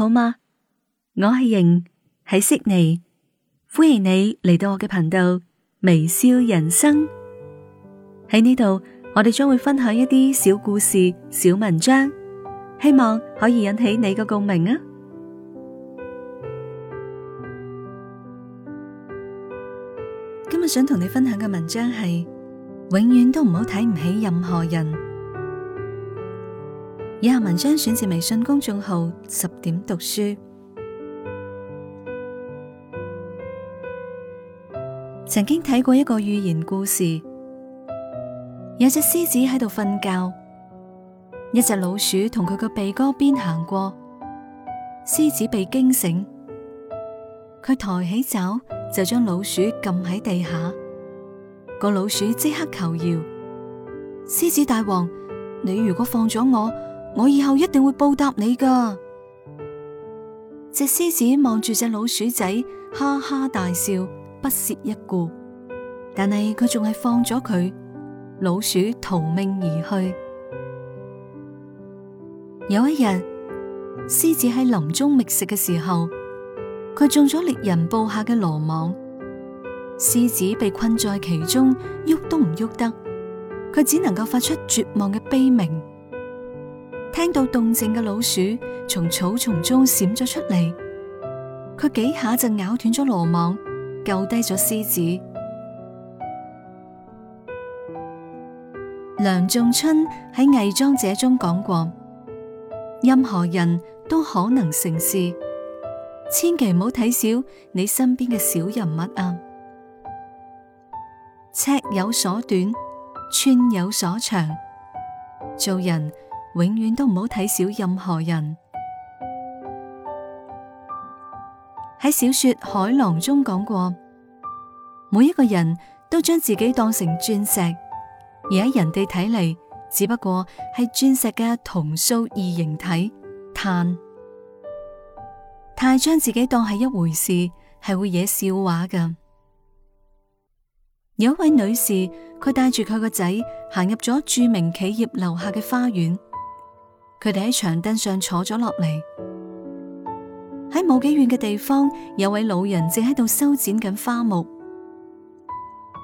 好嗎？我係瑩，喺悉尼，歡迎你嚟到我嘅頻道微笑人生。喺呢度，我哋將會分享一啲小故事、小文章，希望可以引起你嘅共鳴啊！今日想同你分享嘅文章係：永遠都唔好睇唔起任何人。以下文章選自微信公眾號《十點讀書》。 曾經睇過一個寓言故事，有隻獅子喺度瞓覺，一隻老鼠同佢個鼻哥邊行過，獅子被驚醒，佢抬起爪就將老鼠撳喺地下。個老鼠即刻求饒：獅子大王，你如果放咗我。我以後一定會報答你噶！隻獅子望住隻老鼠仔，哈哈大笑，不屑一顧。但係佢仲係放咗佢，老鼠逃命而去。有一日，獅子喺林中覓食嘅時候，佢中咗獵人布下嘅羅網，獅子被困在其中，喐都唔喐得，佢只能夠發出絕望嘅悲鳴。聽到動靜嘅老鼠從草叢中閃咗出嚟，佢幾下就咬斷咗羅網，救低咗獅子。梁仲春喺偽裝者中講過：任何人都可能成事，千祈唔好睇小你身邊嘅小人物啊！尺有所短，寸有所長，做人。永遠都唔好睇小任何人。喺小說《海浪》中講過，每一個人都將自己當成鑽石，而喺人哋睇嚟，只不過係鑽石嘅同素異形體碳。太將自己當係一回事，係會惹笑話㗎。有一位女士，佢帶住佢個仔行入咗著名企業樓下嘅花園。佢哋喺長凳上坐咗落嚟，喺冇幾遠嘅地方有位老人正喺度修剪緊花木。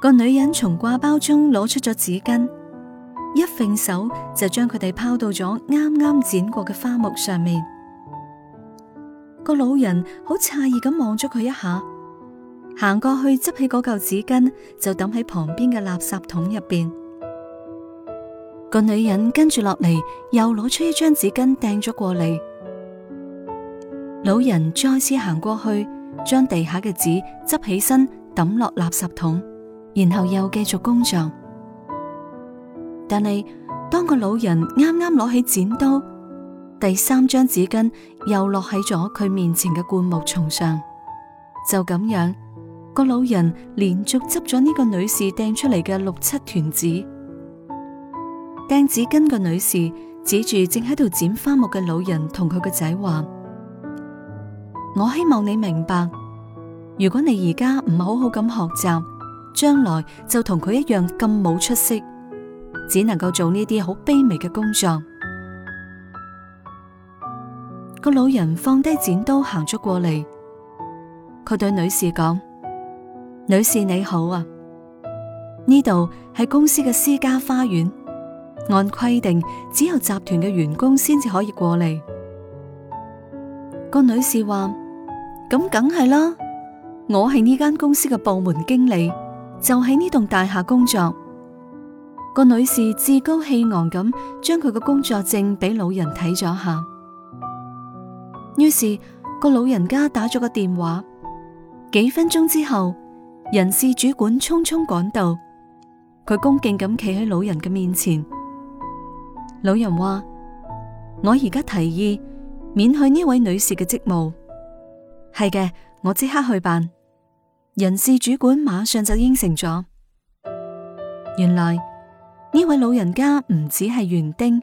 個女人從掛包中攞出咗紙巾，一揈手就將佢哋拋到咗啱啱剪過嘅花木上面。個老人好詫異咁望咗佢一下，行過去執起嗰嚿紙巾就抌喺旁邊嘅垃圾桶入邊。個女人跟住落嚟，又攞出一張紙巾掟咗過嚟。老人再次行過去，將地下嘅紙執起身，抌落垃圾桶，然後又繼續工作。但係當個老人啱啱攞起剪刀，第三張紙巾又落喺咗佢面前嘅灌木叢上。就咁樣，個老人連續執咗呢個女士掟出嚟嘅六七團紙。釘子跟個女士指住正喺度剪花木嘅老人，同佢個仔話：我希望你明白，如果你而家唔好好咁學習，將來就同佢一樣咁冇出息，只能夠做呢啲好卑微嘅工作。個老人放低剪刀行咗過嚟，佢對女士講：女士你好啊，呢度係公司嘅私家花園。按規定，只有集團嘅員工先至可以過嚟。個女士話：咁梗係啦，我係呢間公司嘅部門經理，就喺呢棟大廈工作。個女士趾高氣昂咁，將佢嘅工作證俾老人睇咗下。於是個老人家打咗個電話，幾分鐘之後，人事主管匆匆趕到，佢恭敬咁企喺老人嘅面前。老人話：我而家提議免去呢位女士嘅職務。係嘅，我即刻去辦。人事主管馬上就應承咗。原來呢位老人家唔止係園丁，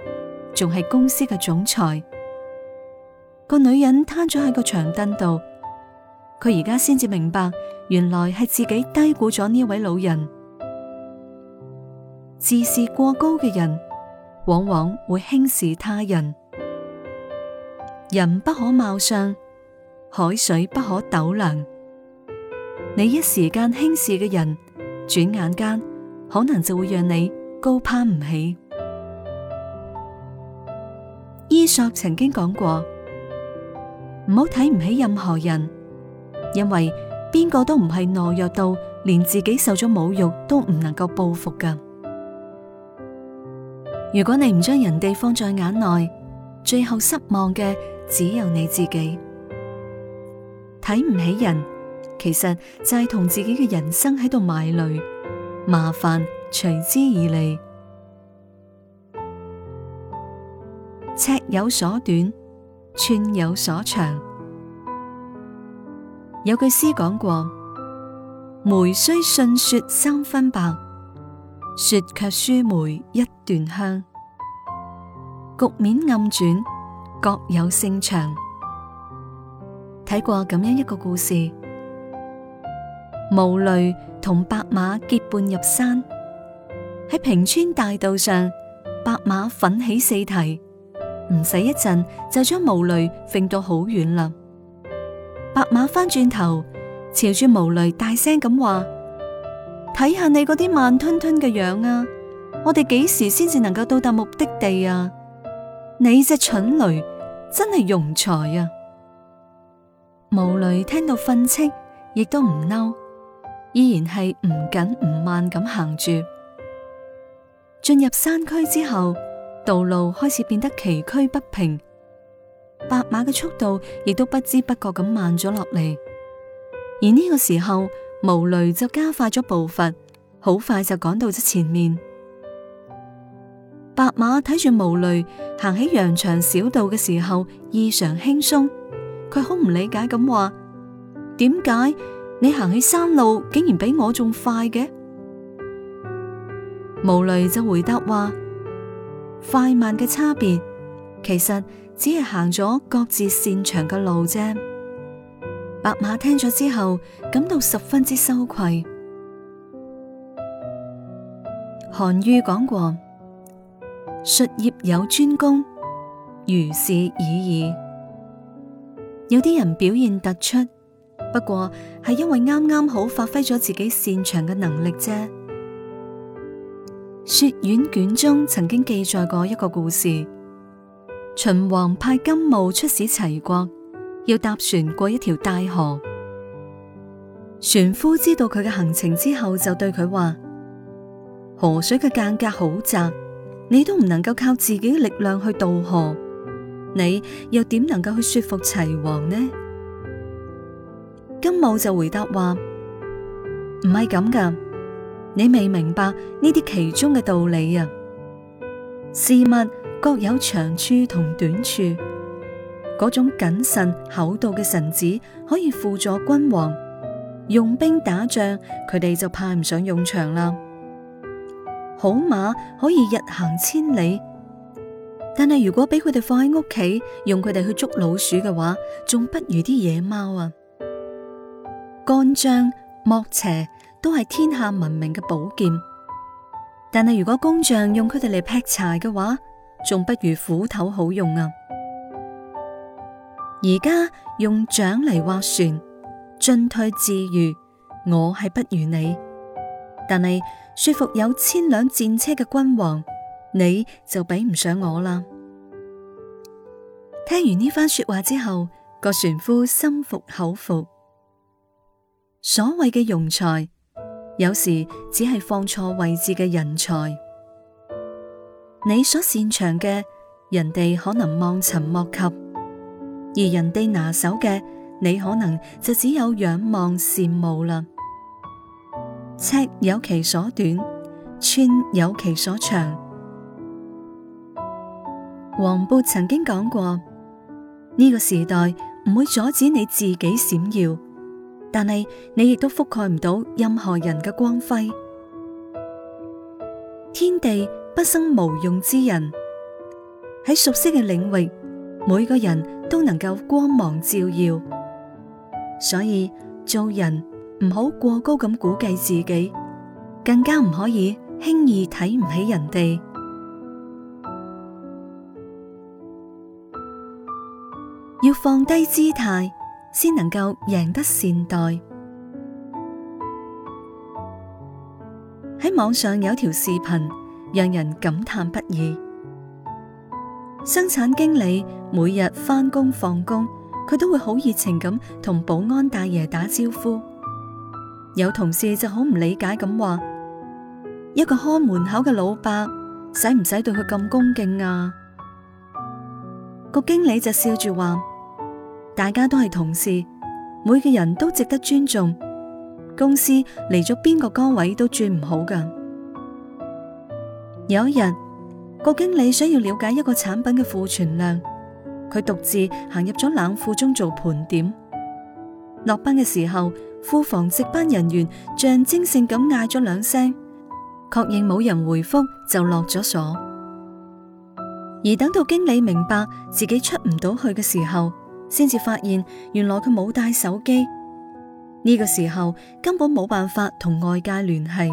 仲係公司嘅總裁。個女人癱咗喺個長凳度，佢而家先至明白，原來係自己低估咗呢位老人，自視過高嘅人。往往會輕視他人。人不可貌相，海水不可斗量。你一時間輕視嘅人，轉眼間可能就會讓你高攀唔起。伊索曾經講過：唔好睇唔起任何人，因為邊個都唔係懦弱到連自己受咗侮辱都唔能夠報復㗎。如果你唔將人哋放在眼內，最後失望嘅只有你自己。睇唔起人，其實就係同自己嘅人生喺度埋雷，麻煩隨之而嚟。尺有所短，寸有所長。有句詩講過：梅須遜雪三分白。雪卻輸梅一段香，局面暗轉，各有勝場。睇過咁樣一個故事，毛驢同白馬結伴入山，喺平川大道上，白馬奮起四蹄，唔使一陣就將毛驢揈到好遠啦。白馬翻轉頭，朝住毛驢大聲咁話。睇下你嗰啲慢吞吞嘅樣啊！我哋幾時先至能夠到達目的地啊？你隻蠢驢真係庸才啊！毛驢聽到訓斥，亦都唔嬲，依然係唔緊唔慢咁行住。進入山區之後，道路開始變得崎嶇不平，白馬嘅速度亦都不知不覺咁慢咗落嚟，而呢個時候。毛驢就加快咗步伐，好快就趕到咗前面。白馬睇住毛驢行喺羊腸小道嘅時候異常輕鬆，佢好唔理解咁話：點解你行喺山路竟然比我仲快嘅？毛驢就回答話：快慢嘅差別，其實只係行咗各自擅長嘅路啫。白馬聽咗之後，感到十分之羞愧。韓愈講過：術業有專攻，如是已矣」。有啲人表現突出，不過係因為啱啱好發揮咗自己擅長嘅能力啫。《說院卷》中曾經記載過一個故事：秦王派金烏出使齊國。要搭船過一條大河，船夫知道佢嘅行程之後，就對佢話：河水嘅間隔好窄，你都唔能夠靠自己嘅力量去渡河，你又點能夠去說服齊王呢？金茂就回答話：唔係咁噶，你未明白呢啲其中嘅道理啊！事物各有長處同短處。嗰種謹慎厚道嘅臣子可以輔助君王，用兵打仗，佢哋就派唔上用場啦。好馬可以日行千里，但係如果俾佢哋放喺屋企，用佢哋去捉老鼠嘅話，仲不如啲野貓啊。干將莫邪都係天下聞名嘅寶劍，但係如果工匠用佢哋嚟劈柴嘅話，仲不如斧頭好用啊。而家用槳嚟劃船，進退自如，我係不如你，但係說服有千輛戰車嘅君王，你就比唔上我啦。聽完呢番說話之後，個船夫心服口服。所謂嘅庸才，有時只係放錯位置嘅人才。你所擅長嘅，人哋可能望塵莫及。而人哋拿手嘅，你可能就只有仰望羨慕啦。尺有其所短，寸有其所長。黃渤曾經講過：呢個時代唔會阻止你自己閃耀，但係你亦都覆蓋唔到任何人嘅光輝。天地不生無用之人。喺熟悉嘅領域，每個人，都能夠光芒照耀，所以做人唔好過高咁估計自己，更加唔可以輕易睇唔起人哋，要放低姿態先能夠贏得善待。喺網上有條視頻，讓人感嘆不已。生產經理每日翻工放工，佢都會好熱情咁同保安大爺打招呼。有同事就好唔理解咁話：一個看門口嘅老伯，使唔使對佢咁恭敬啊？個經理就笑住話：大家都係同事，每個人都值得尊重。公司嚟咗邊個崗位都轉唔好噶。有一日。個經理想要了解一個產品嘅庫存量，佢獨自行入咗冷庫中做盤點。落班嘅時候，庫房值班人員象徵性咁嗌咗兩聲，確認冇人回復就落咗鎖。而等到經理明白自己出唔到去嘅時候，先至發現原來佢冇帶手機。呢個時候根本冇辦法同外界聯繫，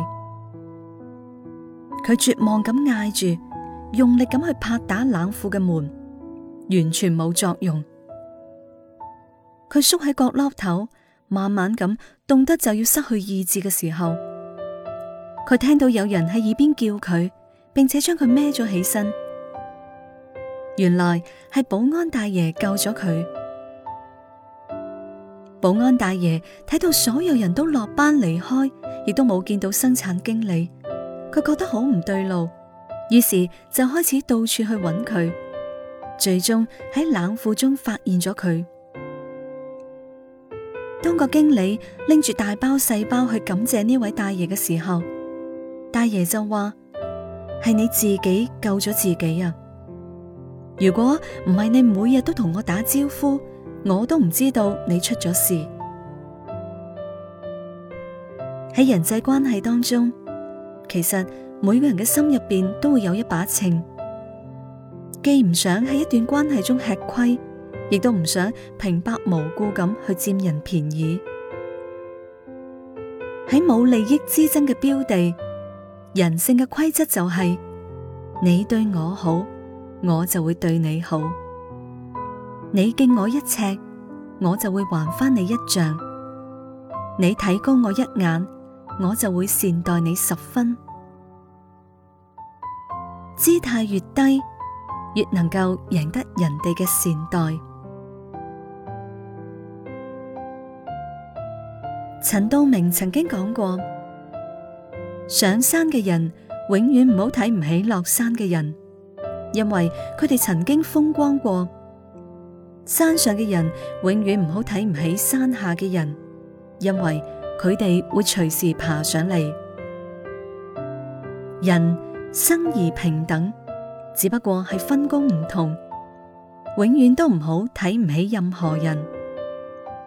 佢絕望咁嗌住。用力咁去拍打冷庫嘅門，完全冇作用。佢縮喺角落頭，慢慢咁凍得就要失去意志嘅時候，佢聽到有人喺耳邊叫佢，並且將佢孭咗起身。原來係保安大爺救咗佢。保安大爺睇到所有人都落班離開，亦都冇見到生產經理，佢覺得好唔對路。於是就開始到處去揾佢，最終喺冷庫中發現咗佢。當個經理拎住大包細包去感謝呢位大爺嘅時候，大爺就話：係你自己救咗自己啊！如果唔係你每日都同我打招呼，我都唔知道你出咗事。喺人際關係當中，其實。每個人嘅心入邊都會有一把秤，既唔想喺一段關係中吃虧，亦都唔想平白無故咁去佔人便宜。喺冇利益之爭嘅標地，人性嘅規則就係：你對我好，我就會對你好；你敬我一尺，我就會還翻你一丈；你睇高我一眼，我就會善待你十分。姿態越低，越能夠贏得人哋嘅善待。陳道明曾經講過：上山嘅人永遠唔好睇唔起落山嘅人，因為佢哋曾經風光過；山上嘅人永遠唔好睇唔起山下嘅人，因為佢哋會隨時爬上嚟。人。生而平等，只不過係分工唔同，永遠都唔好睇唔起任何人，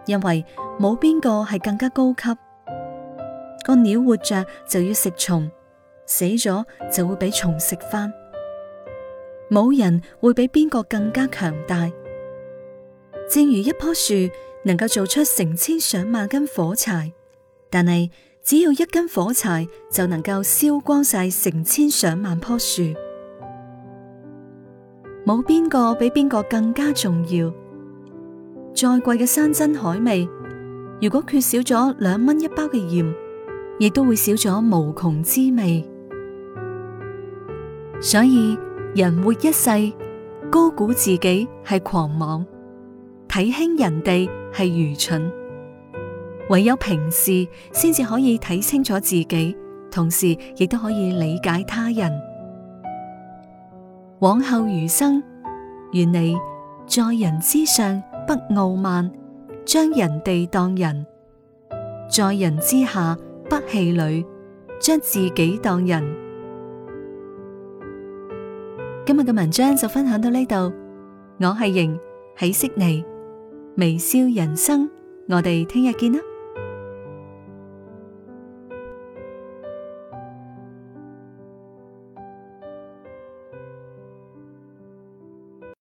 因為冇邊個係更加高級。個鳥活着就要食蟲，死咗就會俾蟲食翻，冇人會比邊個更加強大。正如一棵樹能夠做出成千上萬根火柴，但係，只要一根火柴就能夠燒光晒成千上萬棵樹，冇邊個比邊個更加重要。再貴嘅山珍海味，如果缺少咗兩蚊一包嘅鹽，亦都會少咗無窮滋味。所以人活一世，高估自己係狂妄，睇輕人哋係愚蠢。唯有平視先至可以睇清楚自己，同時亦都可以理解他人。往後餘生，願你在人之上不傲慢，將人哋當人；在人之下不氣餒，將自己當人。今日嘅文章就分享到呢度，我係瑩，喜識你，微笑人生，我哋聽日見啦。